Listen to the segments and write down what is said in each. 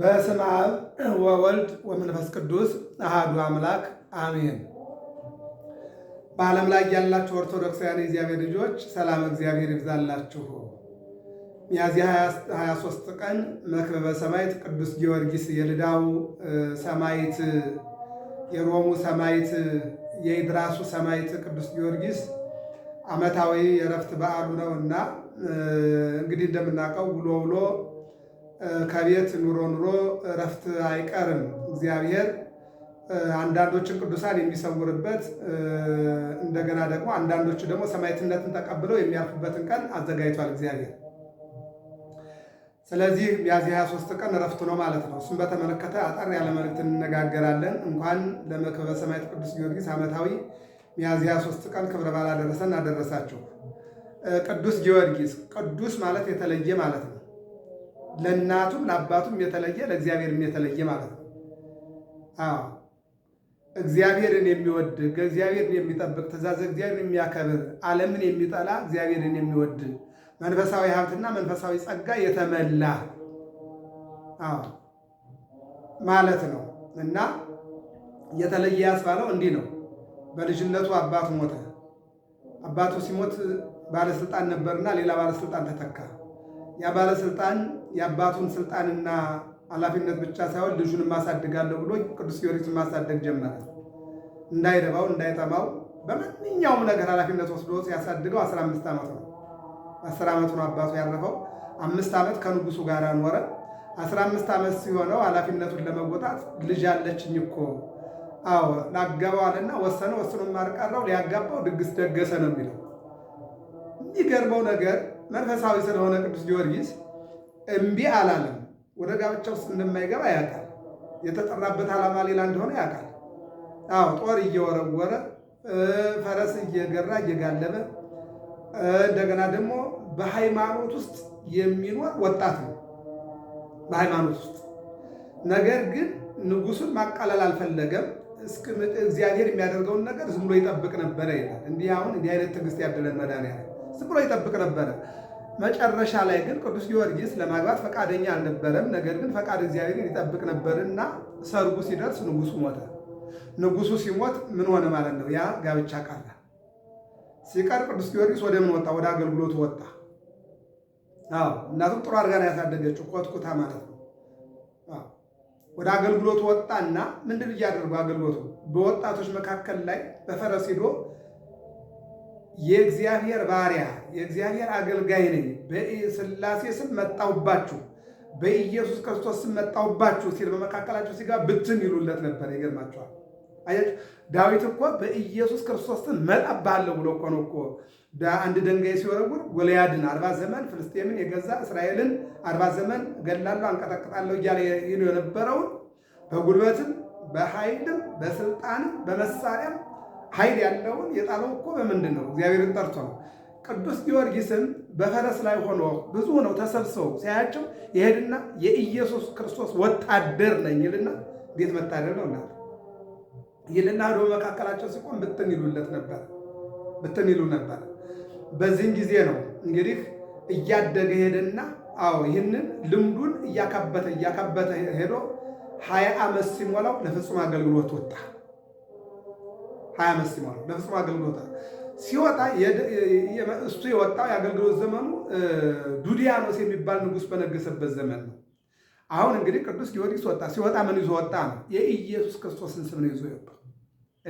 በስመ አብ ወወልድ ወመንፈስ ቅዱስ አሐዱ አምላክ አሜን። በዓለም ላይ ያላችሁ ኦርቶዶክሳውያን የእግዚአብሔር ልጆች ሰላም እግዚአብሔር ይብዛላችሁ። ሚያዝያ 23 ቀን መክበበ ሰማዕት ቅዱስ ጊዮርጊስ የልዳው ሰማዕት፣ የሮሙ ሰማዕት፣ የኢድራሱ ሰማዕት ቅዱስ ጊዮርጊስ ዓመታዊ የእረፍት በዓሉ ነው እና እንግዲህ እንደምናውቀው ውሎ ውሎ ከቤት ኑሮ ኑሮ እረፍት አይቀርም። እግዚአብሔር አንዳንዶችን ቅዱሳን የሚሰውርበት እንደገና ደግሞ አንዳንዶቹ ደግሞ ሰማዕትነትን ተቀብለው የሚያርፉበትን ቀን አዘጋጅቷል እግዚአብሔር። ስለዚህ ሚያዝያ 23 ቀን እረፍት ነው ማለት ነው። እሱም በተመለከተ አጠር ያለ መልእክት እንነጋገራለን። እንኳን ለመክበበ ሰማዕት ቅዱስ ጊዮርጊስ ዓመታዊ ሚያዝያ 23 ቀን ክብረ በዓል አደረሰን አደረሳችሁ። ቅዱስ ጊዮርጊስ ቅዱስ ማለት የተለየ ማለት ነው። ለእናቱም ለአባቱም የተለየ ለእግዚአብሔርም የተለየ ማለት ነው። አዎ እግዚአብሔርን የሚወድ እግዚአብሔርን የሚጠብቅ ትእዛዝ እግዚአብሔርን የሚያከብር ዓለምን የሚጠላ እግዚአብሔርን የሚወድ መንፈሳዊ ሀብትና መንፈሳዊ ጸጋ የተመላ አዎ ማለት ነው እና የተለየ ያስባለው እንዲህ ነው። በልጅነቱ አባቱ ሞተ። አባቱ ሲሞት ባለስልጣን ነበርና ሌላ ባለስልጣን ተተካ። ያ ባለስልጣን የአባቱን ስልጣንና ኃላፊነት ብቻ ሳይሆን ልጁን ማሳድጋለሁ ብሎ ቅዱስ ጊዮርጊስን ማሳደግ ጀመረ። እንዳይረባው እንዳይጠማው በማንኛውም ነገር ኃላፊነት ወስዶ ያሳድገው 15 ዓመት ነው። 10 ዓመቱ ነው አባቱ ያረፈው። አምስት ዓመት ከንጉሱ ጋር ኖረ። 15 ዓመት ሲሆነው ኃላፊነቱን ለመወጣት ልጅ አለችኝ እኮ አዎ ላገባው አለና ወሰነ። ወስኖ ማርቀረው ሊያጋባው ድግስ ደገሰ ነው የሚለው። የሚገርመው ነገር መንፈሳዊ ስለሆነ ቅዱስ ጊዮርጊስ እምቢ አላለም። ወደ ጋብቻ ውስጥ እንደማይገባ ያውቃል። የተጠራበት ዓላማ ሌላ እንደሆነ ያውቃል። አዎ ጦር እየወረወረ ፈረስ እየገራ እየጋለበ እንደገና ደግሞ በሃይማኖት ውስጥ የሚኖር ወጣት ነው። በሃይማኖት ውስጥ ነገር ግን ንጉሱን ማቃለል አልፈለገም። እግዚአብሔር የሚያደርገውን ነገር ዝም ብሎ ይጠብቅ ነበረ ይላል። እንዲህ አሁን እንዲህ አይነት ትዕግስት ያደለን መድኃኒዓለም ዝም ብሎ ይጠብቅ ነበረ። መጨረሻ ላይ ግን ቅዱስ ጊዮርጊስ ለማግባት ፈቃደኛ አልነበረም። ነገር ግን ፈቃድ እግዚአብሔር ይጠብቅ ነበርና ሰርጉ ሲደርስ ንጉሱ ሞተ። ንጉሱ ሲሞት ምን ሆነ ማለት ነው? ያ ጋብቻ ቀረ። ሲቀር ቅዱስ ጊዮርጊስ ወደ ምን ወጣ? ወደ አገልግሎቱ ወጣ። አዎ እናቱም ጥሩ አድርጋ ነው ያሳደገችው፣ ኮትኩታ ማለት ነው። ወደ አገልግሎቱ ወጣና ምንድን እያደርጉ አገልግሎቱ በወጣቶች መካከል ላይ በፈረስ ሂዶ የእግዚአብሔር ባሪያ የእግዚአብሔር አገልጋይ ነኝ፣ በስላሴ ስም መጣሁባችሁ፣ በኢየሱስ ክርስቶስ ስም መጣሁባችሁ ሲል በመካከላቸው ሲገባ ብትን ይሉለት ነበር። ይገርማቸዋል። አያችሁ፣ ዳዊት እኮ በኢየሱስ ክርስቶስ ስም መጣብሃለሁ ብሎ እኮ ነው እኮ አንድ ድንጋይ ሲወረውር ጎልያድን አርባ ዘመን ፍልስጤምን የገዛ እስራኤልን አርባ ዘመን እገድላለሁ፣ አንቀጠቅጣለሁ እያለ ይሉ የነበረውን በጉልበትም በኃይልም በስልጣንም በመሳሪያም ኃይል ያለውን የጣለው እኮ በምንድን ነው? እግዚአብሔርን ጠርቶ ነው። ቅዱስ ጊዮርጊስም በፈረስ ላይ ሆኖ ብዙ ነው ተሰብስበው ሲያያቸው ይሄድና የኢየሱስ ክርስቶስ ወታደር ነኝ ይልና እንዴት መታደር ነው እና ይልና ዶ መካከላቸው ሲቆም ብትን ይሉለት ነበር ብትን ይሉ ነበር። በዚህን ጊዜ ነው እንግዲህ እያደገ ሄደና አዎ ይህንን ልምዱን እያካበተ እያካበተ ሄዶ ሀያ ዓመት ሲሞላው ለፍጹም አገልግሎት ወጣ። ሀያ ዓመት ሲሞላው አገልግሎት ሲወጣ እሱ የወጣው የአገልግሎት ዘመኑ ዱዲያኖስ የሚባል ንጉሥ በነገሰበት ዘመን ነው። አሁን እንግዲህ ቅዱስ ጊዮርጊስ ወጣ። ሲወጣ ምን ይዞ ወጣ ነው? የኢየሱስ ክርስቶስን ስም ነው ይዞ የወጣው።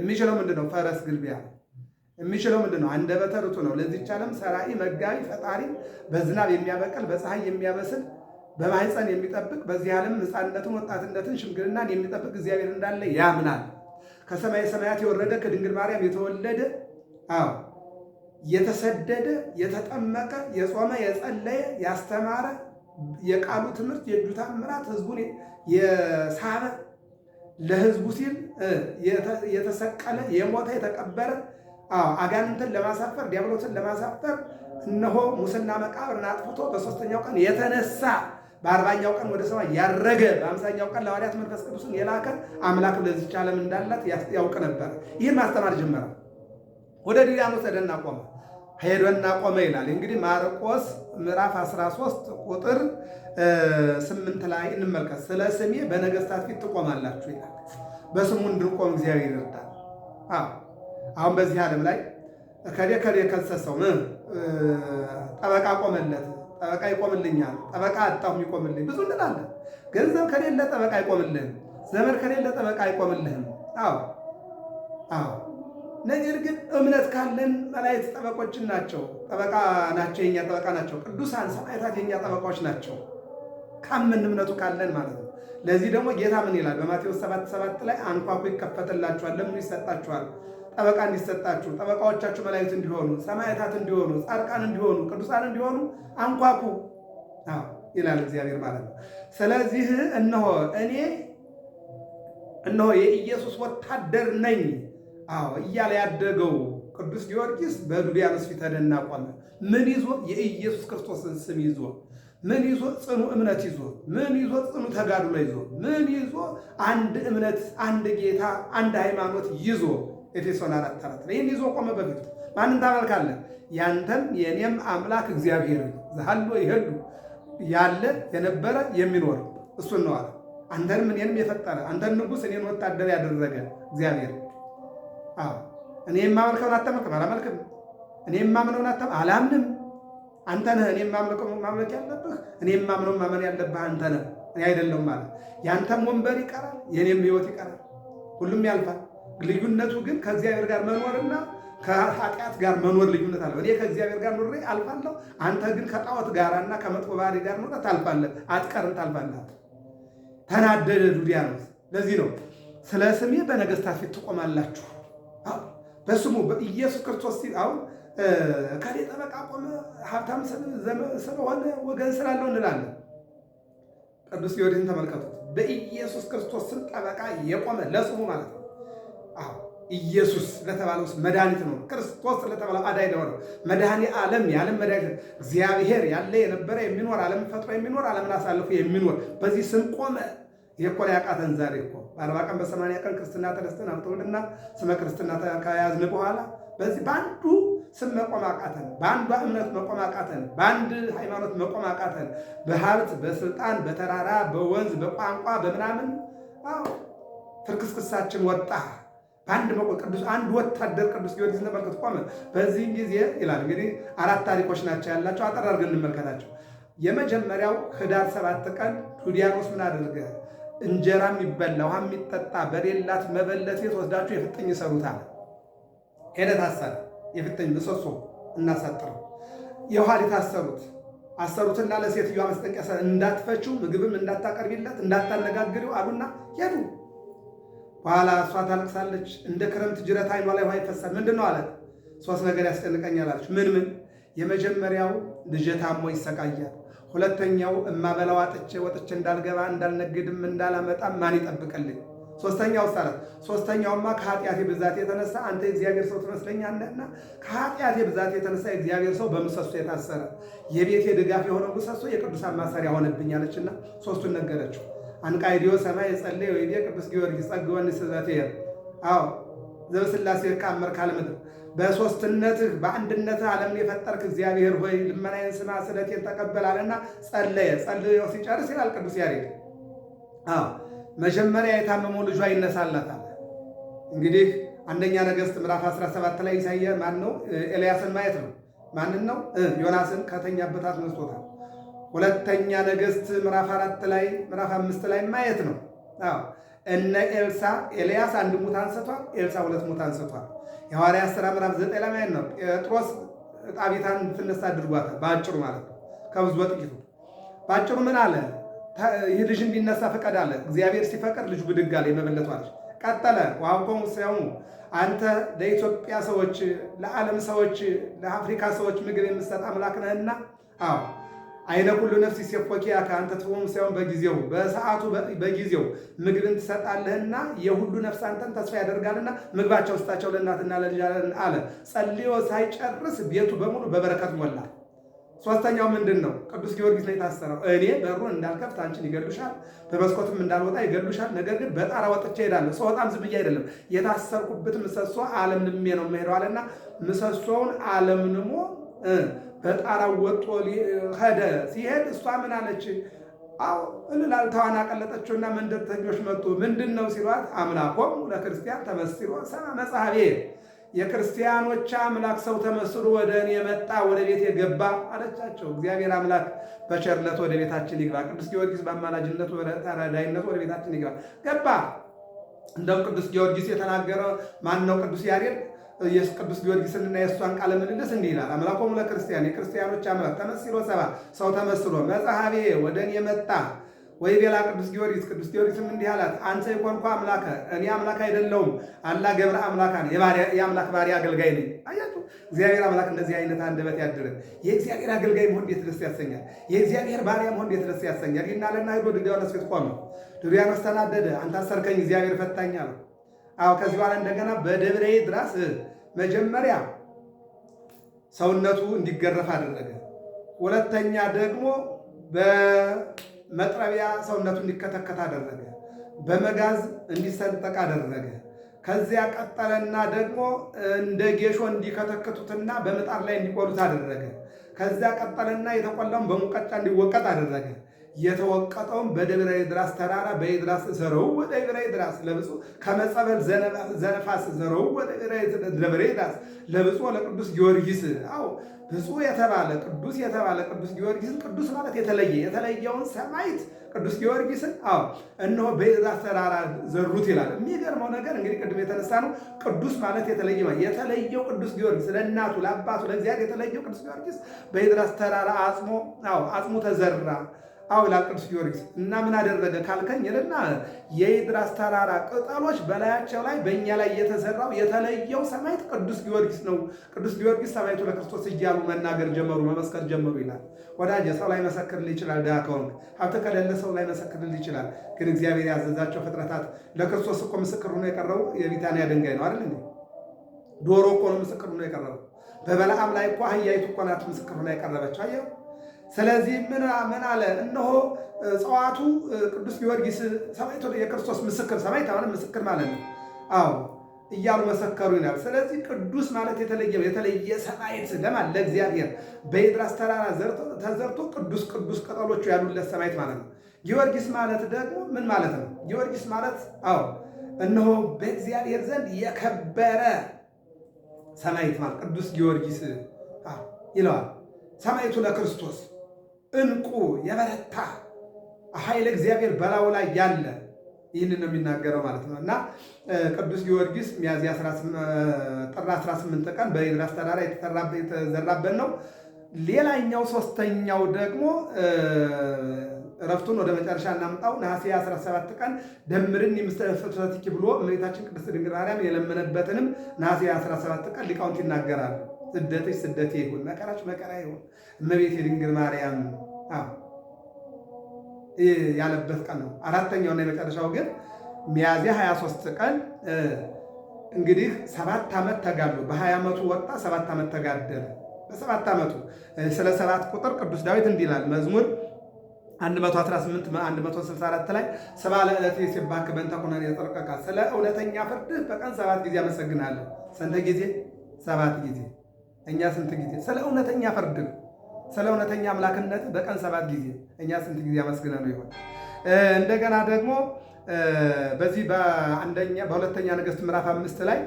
የሚችለው ምንድን ነው? ፈረስ ግልቢያ ነው። የሚችለው ምንድን ነው? አንደበተ ርቱዕ ነው። ለዚህች ዓለም ሰራዒ፣ መጋቢ፣ ፈጣሪ፣ በዝናብ የሚያበቅል በፀሐይ የሚያበስል በማህፀን የሚጠብቅ በዚህ ዓለም ሕፃንነትን ወጣትነትን ሽምግልናን የሚጠብቅ እግዚአብሔር እንዳለ ያምናል። ከሰማይ ሰማያት የወረደ ከድንግል ማርያም የተወለደ አዎ የተሰደደ የተጠመቀ የጾመ የጸለየ ያስተማረ የቃሉ ትምህርት የእጁ ታምራት ህዝቡን የሳበ ለህዝቡ ሲል የተሰቀለ የሞተ የተቀበረ አጋንንትን ለማሳፈር ዲያብሎትን ለማሳፈር እነሆ ሙስና መቃብርን አጥፍቶ በሶስተኛው ቀን የተነሳ በአርባኛው ቀን ወደ ሰማይ ያረገ በአምሳኛው ቀን ለሐዋርያት መንፈስ ቅዱስን የላከ አምላክ ለዚች ዓለም እንዳላት ያውቅ ነበር። ይህን ማስተማር ጀመረ። ወደ ዲዳሞስ ሄደና ቆመ ሄዶና ቆመ ይላል። እንግዲህ ማርቆስ ምዕራፍ 13 ቁጥር 8 ላይ እንመልከት። ስለ ስሜ በነገስታት ፊት ትቆማላችሁ ይላል። በስሙ እንድንቆም እግዚአብሔር ይርዳል። አሁን በዚህ ዓለም ላይ ከዴ ከሰሰው ጠበቃ ቆመለት ጠበቃ ይቆምልኛል፣ ጠበቃ አጣሁም ይቆምልኝ፣ ብዙ እንላለን። ገንዘብ ከሌለ ጠበቃ አይቆምልህም። ዘመድ ከሌለ ጠበቃ አይቆምልህም። አዎ አዎ። ነገር ግን እምነት ካለን መላእክት ጠበቆችን ናቸው፣ ጠበቃ ናቸው፣ የኛ ጠበቃ ናቸው። ቅዱሳን ሰማዕታት የኛ ጠበቃዎች ናቸው፣ ካምን እምነቱ ካለን ማለት ነው። ለዚህ ደግሞ ጌታ ምን ይላል? በማቴዎስ 7 7 ላይ አንኳኩ ይከፈትላችኋል፣ ለምኑ ይሰጣችኋል ጠበቃ እንዲሰጣችሁ፣ ጠበቃዎቻችሁ መላእክት እንዲሆኑ፣ ሰማዕታት እንዲሆኑ፣ ጻድቃን እንዲሆኑ፣ ቅዱሳን እንዲሆኑ አንኳኩ ይላል እግዚአብሔር ማለት ነው። ስለዚህ እነሆ እኔ እነሆ የኢየሱስ ወታደር ነኝ አዎ እያለ ያደገው ቅዱስ ጊዮርጊስ በዱልያኖስ ፊት ተደናቋል። ምን ይዞ? የኢየሱስ ክርስቶስን ስም ይዞ ምን ይዞ? ጽኑ እምነት ይዞ ምን ይዞ? ጽኑ ተጋድሎ ይዞ ምን ይዞ? አንድ እምነት፣ አንድ ጌታ፣ አንድ ሃይማኖት ይዞ ኤፌሶን አራት አራት ላይ ይህን ይዞ ቆመ። በፊት ማንን ታመልካለህ? ያንተም የእኔም አምላክ እግዚአብሔር ዘሃሎ ይህሉ ያለ የነበረ የሚኖር እሱን ነው አለ። አንተን እኔንም የፈጠረ አንተን ንጉሥ እኔን ወታደር ያደረገ እግዚአብሔር። አዎ እኔ የማመልከውን አታመልክም፣ አላመልክም። እኔ የማምነውን አታ አላምንም። አንተ ነህ እኔ የማምልከው ማምለክ ያለብህ፣ እኔ የማምነው ማመን ያለብህ አንተ ነህ፣ እኔ አይደለም ማለት። ያንተም ወንበር ይቀራል፣ የእኔም ህይወት ይቀራል፣ ሁሉም ያልፋል። ልዩነቱ ግን ከእግዚአብሔር ጋር መኖርና ከኃጢአት ጋር መኖር ልዩነት አለ። እኔ ከእግዚአብሔር ጋር ኖሬ አልፋለሁ። አንተ ግን ከጣዖት ጋርና ከመጥፎ ባህሪ ጋር ኖረ ታልፋለህ፣ አትቀርም፣ ታልፋለህ። ተናደደ ዱዲያኖስ። ለዚህ ነው ስለ ስሜ በነገስታት ፊት ትቆማላችሁ። በስሙ በኢየሱስ ክርስቶስ አሁን ከሌ ጠበቃ ቆመ፣ ሀብታም ስለሆነ ወገን ስላለው እንላለን። ቅዱስ ጊዮርጊስን ተመልከቱት። በኢየሱስ ክርስቶስ ስም ጠበቃ የቆመ ለስሙ ማለት ነው ኢየሱስ ለተባለው መድኃኒት ነው። ክርስቶስ ለተባለው አዳይ ደሆነ መድኃኒ ዓለም የዓለም መድኃኒት እግዚአብሔር ያለ የነበረ የሚኖር ዓለም ፈጥሮ የሚኖር ዓለምን አሳልፎ የሚኖር በዚህ ስም ቆመ። የኮላ ያቃተን ዛሬ እኮ በአርባ ቀን በሰማንያ ቀን ክርስትና ተነስተን አብተውልና ስመ ክርስትና ከያዝን በኋላ በዚህ በአንዱ ስም መቆም አቃተን፣ በአንዷ እምነት መቆም አቃተን፣ በአንድ ሃይማኖት መቆም አቃተን። በሀብት በስልጣን በተራራ በወንዝ በቋንቋ በምናምን ትርክስክሳችን ወጣ። በአንድ በቆ ቅዱስ አንድ ወታደር ቅዱስ ጊዮርጊስ ተመልከት ቆመ። በዚህ ጊዜ ይላል እንግዲህ አራት ታሪኮች ናቸው ያላቸው፣ አጠር አድርገን እንመልከታቸው። የመጀመሪያው ህዳር ሰባት ቀን ቱዲያኖስ ምን አደረገ? እንጀራ የሚበላ ውሃ የሚጠጣ በሌላት መበለት ቤት ወስዳችሁ የፍጥኝ ይሰሩታል። ሄደ ታሰረ። የፍጥኝ ምሰሶ እናሳጥረው የውሃ ሊታሰሩት አሰሩትና ለሴትዮዋ መስጠንቀቂያ እንዳትፈችው ምግብም እንዳታቀርቢለት እንዳታነጋግሪው አሉና ሄዱ። በኋላ እሷ ታለቅሳለች። እንደ ክረምት ጅረት አይኗ ላይ ውሃ ይፈሳል። ምንድን ነው አለት? ሶስት ነገር ያስጨንቀኛል አለች። ምን ምን? የመጀመሪያው ልጄ ታሞ ይሰቃያል። ሁለተኛው እማበላው አጥቼ ወጥቼ እንዳልገባ እንዳልነግድም እንዳላመጣም ማን ይጠብቅልኝ? ሶስተኛው ሳረት ሶስተኛውማ ከኃጢአቴ ብዛት የተነሳ አንተ የእግዚአብሔር ሰው ትመስለኛለህና ከኃጢአቴ ብዛት የተነሳ የእግዚአብሔር ሰው በምሰሶ የታሰረ የቤቴ ድጋፍ የሆነው ምሰሶ የቅዱሳን ማሰሪያ ሆነብኛለችና ሶስቱን ነገረችው። አንቃይዲዮ ሰማይ የጸለየ ወይዴ ቅዱስ ጊዮርጊስ ጸግወን ስዘት የ አዎ ዘበስላሴ ካመር ካለምድር በሶስትነትህ በአንድነትህ ዓለምን የፈጠርክ እግዚአብሔር ሆይ ልመናዬን ስማ፣ ስለቴን ተቀበል ጸለየ። ጸልዮ ሲጨርስ ይላል ቅዱስ ያሬድ አዎ መጀመሪያ የታመመው ልጇ ይነሳላታል። እንግዲህ አንደኛ ነገሥት ምዕራፍ 17 ላይ ኢሳያ ማን ነው ኤልያስን ማየት ነው። ማንን ነው ዮናስን ከተኛበት አስነስቶታል። ሁለተኛ ነገሥት ምዕራፍ አራት ላይ ምዕራፍ አምስት ላይ ማየት ነው። አዎ እነ ኤልሳ ኤልያስ አንድ ሙት አንስቷል። ኤልሳ ሁለት ሙት አንስቷል። የሐዋርያት ሥራ ምዕራፍ ዘጠኝ ላይ ማየት ነው። ጴጥሮስ ጣቢታን ትነሳ አድርጓታል። በአጭሩ ማለት ነው፣ ከብዙ በጥቂቱ በአጭሩ ምን አለ? ይህ ልጅ እንዲነሳ ፈቀድ አለ። እግዚአብሔር ሲፈቅድ ልጁ ብድግ አለ። የመበለቷ ቀጠለ። ዋብቶም ሰሙ አንተ ለኢትዮጵያ ሰዎች፣ ለዓለም ሰዎች፣ ለአፍሪካ ሰዎች ምግብ የምትሰጥ አምላክ ነህና አዎ አይነ ሁሉ ነፍስ ይሴኮኪያ ከአንተ ትቆም ሳይሆን በጊዜው በሰዓቱ በጊዜው ምግብን ትሰጣለህና የሁሉ ነፍስ አንተን ተስፋ ያደርጋልና ምግባቸው ስጣቸው ለእናትና ለልጃለን አለ። ጸልዮ ሳይጨርስ ቤቱ በሙሉ በበረከት ሞላ። ሶስተኛው ምንድን ነው? ቅዱስ ጊዮርጊስ ላይ ታሰረው። እኔ በሩን እንዳልከፍት አንቺን ይገሉሻል፣ በመስኮትም እንዳልወጣ ይገሉሻል። ነገር ግን በጣራ ወጥቼ እሄዳለሁ። ሰወጣም ዝም ብዬ አይደለም፣ የታሰርኩበት ምሰሶ አለምንሜ ነው የምሄደው አለና ምሰሶውን አለምንሞ በጣራው ወጥቶ ሄደ። ሲሄድ እሷ ምን አለች? አዎ እልልታዋን አቀለጠችውና መንደርተኞች መጡ። ምንድን ነው ሲሏት፣ አምላኮም ለክርስቲያን ተመስሎ ሰማ መጽሐቤ፣ የክርስቲያኖች አምላክ ሰው ተመስሎ ወደ እኔ የመጣ ወደ ቤት የገባ አለቻቸው። እግዚአብሔር አምላክ በቸርነት ወደ ቤታችን ይግባ። ቅዱስ ጊዮርጊስ በአማላጅነቱ ተረዳይነቱ ወደ ቤታችን ይግባ። ገባ። እንደውም ቅዱስ ጊዮርጊስ የተናገረ ማን ነው? ቅዱስ ያሬድ ኢየሱስ ቅዱስ ጊዮርጊስንና የእሷን ቃለ ምልልስ እንዲህ ይላል። አምላኮሙ ለክርስቲያን የክርስቲያኖች አምላክ ተመስሎ ሰባ ሰው ተመስሎ መጽሐቤ ወደ እኔ መጣ ወይ ቤላ ቅዱስ ጊዮርጊስ ቅዱስ ጊዮርጊስም እንዲህ አላት፣ አንተ የኮንኳ አምላከ እኔ አምላክ አይደለውም አላ ገብረ አምላካ የአምላክ ባሪያ አገልጋይ ነኝ። አያችሁ እግዚአብሔር አምላክ እንደዚህ አይነት አንደበት ያድርግ። የእግዚአብሔር አገልጋይ መሆን እንዴት ደስ ያሰኛል! የእግዚአብሔር ባሪያ መሆን እንዴት ደስ ያሰኛል! ይህን አለና ሄዶ ድሪያኖስ ፊት ቆመ። ድሪያኖስ ተናደደ። አንተ አሰርከኝ፣ እግዚአብሔር ፈታኝ አለው። አዎ ከዚህ በኋላ እንደገና በደብረ ይድራስ መጀመሪያ ሰውነቱ እንዲገረፍ አደረገ። ሁለተኛ ደግሞ በመጥረቢያ ሰውነቱ እንዲከተከት አደረገ። በመጋዝ እንዲሰንጠቅ አደረገ። ከዚያ ቀጠለና ደግሞ እንደ ጌሾ እንዲከተክቱትና በምጣድ ላይ እንዲቆሉት አደረገ። ከዚያ ቀጠለና የተቆላውን በሙቀጫ እንዲወቀጥ አደረገ። የተወቀጠውን በደብረ ኤድራስ ተራራ በኤድራስ ዘረው ወደ ደብረ ኤድራስ ለብፁ ከመጸበል ዘነፋስ ዘረው ወደ ደብረ ኤድራስ ለብፁ ለቅዱስ ጊዮርጊስ አዎ ብፁ የተባለ ቅዱስ የተባለ ቅዱስ ጊዮርጊስን ቅዱስ ማለት የተለየ የተለየውን ሰማይት ቅዱስ ጊዮርጊስን አዎ እነሆ በኤድራስ ተራራ ዘሩት ይላል። የሚገርመው ነገር እንግዲህ ቅድም የተነሳ ነው። ቅዱስ ማለት የተለየ የተለየው ቅዱስ ጊዮርጊስ ለእናቱ ለአባቱ ለእግዚአብሔር የተለየው ቅዱስ ጊዮርጊስ በኤድራስ ተራራ አጽሞ አዎ ተዘራ አውላ ቅዱስ ጊዮርጊስ እና ምን አደረገ ካልከኝ ይልና የኢድራስ ተራራ ቅጠሎች በላያቸው ላይ በእኛ ላይ የተሰራው የተለየው ሰማዕት ቅዱስ ጊዮርጊስ ነው። ቅዱስ ጊዮርጊስ ሰማዕቱ ለክርስቶስ እያሉ መናገር ጀመሩ፣ መመስከር ጀመሩ ይላል። ወዳጅ ሰው ላይ መሰክርልህ ይችላል። ድሃ ከሆንክ ሀብት ከሌለ ሰው ላይ መሰክርልህ ይችላል። ግን እግዚአብሔር ያዘዛቸው ፍጥረታት ለክርስቶስ እኮ ምስክር ሆኖ የቀረቡ የቢታንያ ድንጋይ ነው አይደል? ዶሮ እኮ ነው ምስክር ሆኖ የቀረበው። በበለዓም ላይ እኮ አህያይቱ እኮ ናት ምስክር ሆና የቀረበችው። አየኸው ስለዚህ ምን ምን አለ? እነሆ ጸዋቱ ቅዱስ ጊዮርጊስ ሰማዕት የክርስቶስ ምስክር ሰማዕት ማለት ምስክር ማለት ነው። አዎ እያሉ መሰከሩ ይላል። ስለዚህ ቅዱስ ማለት የተለየ የተለየ ሰማዕት ለማን? ለእግዚአብሔር በኤድራስ ተራራ ተዘርቶ ቅዱስ ቅዱስ ቅጠሎቹ ያሉለት ሰማዕት ማለት ነው። ጊዮርጊስ ማለት ደግሞ ምን ማለት ነው? ጊዮርጊስ ማለት አዎ እነሆ በእግዚአብሔር ዘንድ የከበረ ሰማዕት ማለት ቅዱስ ጊዮርጊስ ይለዋል ሰማዕቱ ለክርስቶስ እንቁ የበረታ ኃይል እግዚአብሔር በላዩ ላይ ያለ ይህን ነው የሚናገረው ማለት ነው። እና ቅዱስ ጊዮርጊስ ሚያዝያ ጥር 18 ቀን በኤድራስ ተራራ የተዘራበት ነው። ሌላኛው ሶስተኛው ደግሞ እረፍቱን ወደ መጨረሻ እናምጣው። ነሐሴ 17 ቀን ደምርን የምስተፈትኪ ብሎ እመቤታችን ቅድስት ድንግል ማርያም የለመነበትንም ነሐሴ 17 ቀን ሊቃውንት ይናገራሉ። ስደትሽ ስደቴ ይሁን፣ መከራሽ መከራ ይሁን። እመቤት ድንግል ማርያም ያለበት ቀን ነው። አራተኛውና የመጨረሻው ግን ሚያዝያ 23 ቀን እንግዲህ ሰባት ዓመት ተጋሉ። በሀያ ዓመቱ ወጣ፣ ሰባት ዓመት ተጋደለ። በሰባት ዓመቱ ስለ ሰባት ቁጥር ቅዱስ ዳዊት እንዲህ ይላል መዝሙር 118 164 ላይ ሰባ ለዕለት ሲባክ በእንተ ኩነኔ ጽድቅከ ስለ እውነተኛ ፍርድህ በቀን ሰባት ጊዜ አመሰግናለሁ። ስንት ጊዜ? ሰባት ጊዜ። እኛ ስንት ጊዜ ስለ እውነተኛ ፍርድ ስለ እውነተኛ አምላክነት በቀን ሰባት ጊዜ እኛ ስንት ጊዜ አመስግነ ነው ይሆን? እንደገና ደግሞ በዚህ በአንደኛ በሁለተኛ ነገሥት ምዕራፍ አምስት ላይ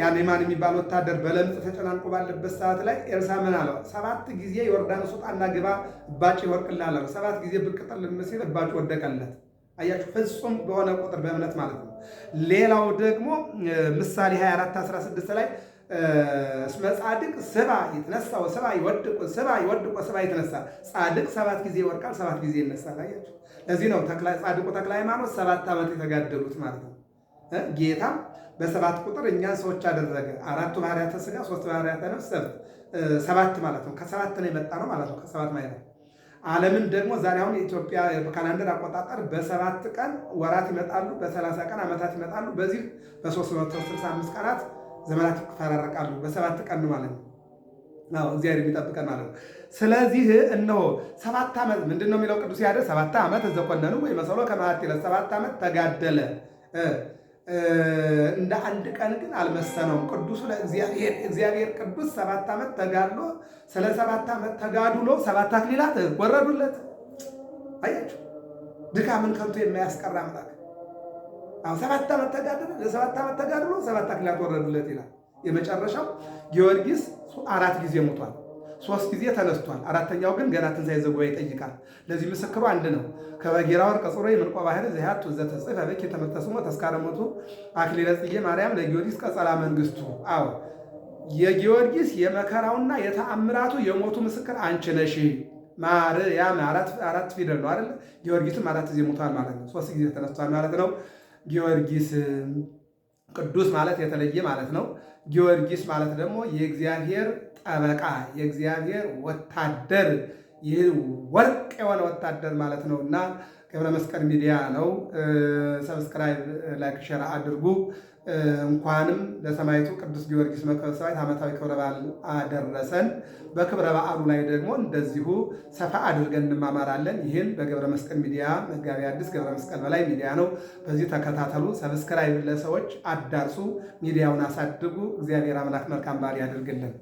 ያን ማን የሚባል ወታደር በለምጽ ተጨናንቆ ባለበት ሰዓት ላይ ኤልሳዕ ምን አለው? ሰባት ጊዜ ዮርዳኖስ ውጣና ግባ እባጭ ይወርቅልሃል አለው። ሰባት ጊዜ ብቅ ሲል እባጭ ወደቀለት። አያችሁ፣ ፍጹም በሆነ ቁጥር በእምነት ማለት ነው። ሌላው ደግሞ ምሳሌ 24 16 ላይ እስመ ጻድቅ ስባ ይትነሳው ስባ ይወድቁ ስባ ይወድቁ ስባ ይትነሳ ጻድቅ ሰባት ጊዜ ይወርቃል ሰባት ጊዜ ይነሳል። አያችሁ፣ ለዚህ ነው ጻድቁ ተክለ ሃይማኖት ሰባት ዓመት የተጋደሉት ማለት ነው። ጌታ በሰባት ቁጥር እኛን ሰዎች አደረገ። አራቱ ባህርያተ ሥጋ፣ ሶስት ባህርያተ ነፍስ፣ ሰባት ማለት ነው። ከሰባት ነው የመጣ ነው ማለት ነው። ከሰባት ማለት ነው። ዓለምን ደግሞ ዛሬ አሁን የኢትዮጵያ ካላንደር አቆጣጠር በሰባት ቀን ወራት ይመጣሉ፣ በሰላሳ ቀን ዓመታት ይመጣሉ። በዚህ በ365 ቀናት ዘመናት ይፈራረቃሉ። በሰባት ቀን ማለት ነው። አዎ እግዚአብሔር የሚጠብቀን ማለት ነው። ስለዚህ እነሆ ሰባት ዓመት ምንድን ነው የሚለው ቅዱስ ያደ ሰባት ዓመት ዘኮነኑ ወይ መሰሎ ከማት ይለ ሰባት ዓመት ተጋደለ፣ እንደ አንድ ቀን ግን አልመሰነውም። ቅዱሱ ለእግዚአብሔር እግዚአብሔር ቅዱስ ሰባት ዓመት ተጋድሎ ስለ ሰባት ዓመት ተጋድሎ ሰባት አክሊላት ወረዱለት። አያችሁ ድካምን ከንቱ የማያስቀራ አምላክ ሰባት ዓመት ተጋደለ። ለሰባት ዓመት ተጋድሎ ሰባት አክሊላት ወረዱለት ይላል። የመጨረሻው ጊዮርጊስ አራት ጊዜ ሞቷል፣ ሶስት ጊዜ ተነስቷል። አራተኛው ግን ገና ትንሣኤ ዘጉባኤ ይጠይቃል። ለዚህ ምስክሩ አንድ ነው። ከበጌራ ወርቀ ጽሮ የምንቆ ባህር ዚያቱ ዘተጽፈ በኪ ተመተስሞ ተስካረሞቱ አክሊለ ጽጌ ማርያም ለጊዮርጊስ ቀጸላ መንግስቱ። አዎ የጊዮርጊስ የመከራውና የተአምራቱ የሞቱ ምስክር አንቺ ነሽ። ማርያም አራት ፊደል ነው አይደለ? ጊዮርጊስም አራት ጊዜ ሞቷል ማለት ነው። ሶስት ጊዜ ተነስቷል ማለት ነው። ጊዮርጊስ ቅዱስ ማለት የተለየ ማለት ነው። ጊዮርጊስ ማለት ደግሞ የእግዚአብሔር ጠበቃ የእግዚአብሔር ወታደር ይህ ወርቅ የሆነ ወታደር ማለት ነው እና ገብረ መስቀል ሚዲያ ነው። ሰብስክራይብ ላይክ ሸር አድርጉ። እንኳንም ለሰማይቱ ቅዱስ ጊዮርጊስ መከበሳዊት ዓመታዊ ክብረ በዓል አደረሰን። በክብረ በዓሉ ላይ ደግሞ እንደዚሁ ሰፋ አድርገን እንማማራለን። ይህን በገብረ መስቀል ሚዲያ መጋቢ አዲስ ገብረ መስቀል በላይ ሚዲያ ነው። በዚህ ተከታተሉ፣ ሰብስክራይብ ለሰዎች አዳርሱ፣ ሚዲያውን አሳድጉ። እግዚአብሔር አምላክ መልካም በዓል ያደርግልን።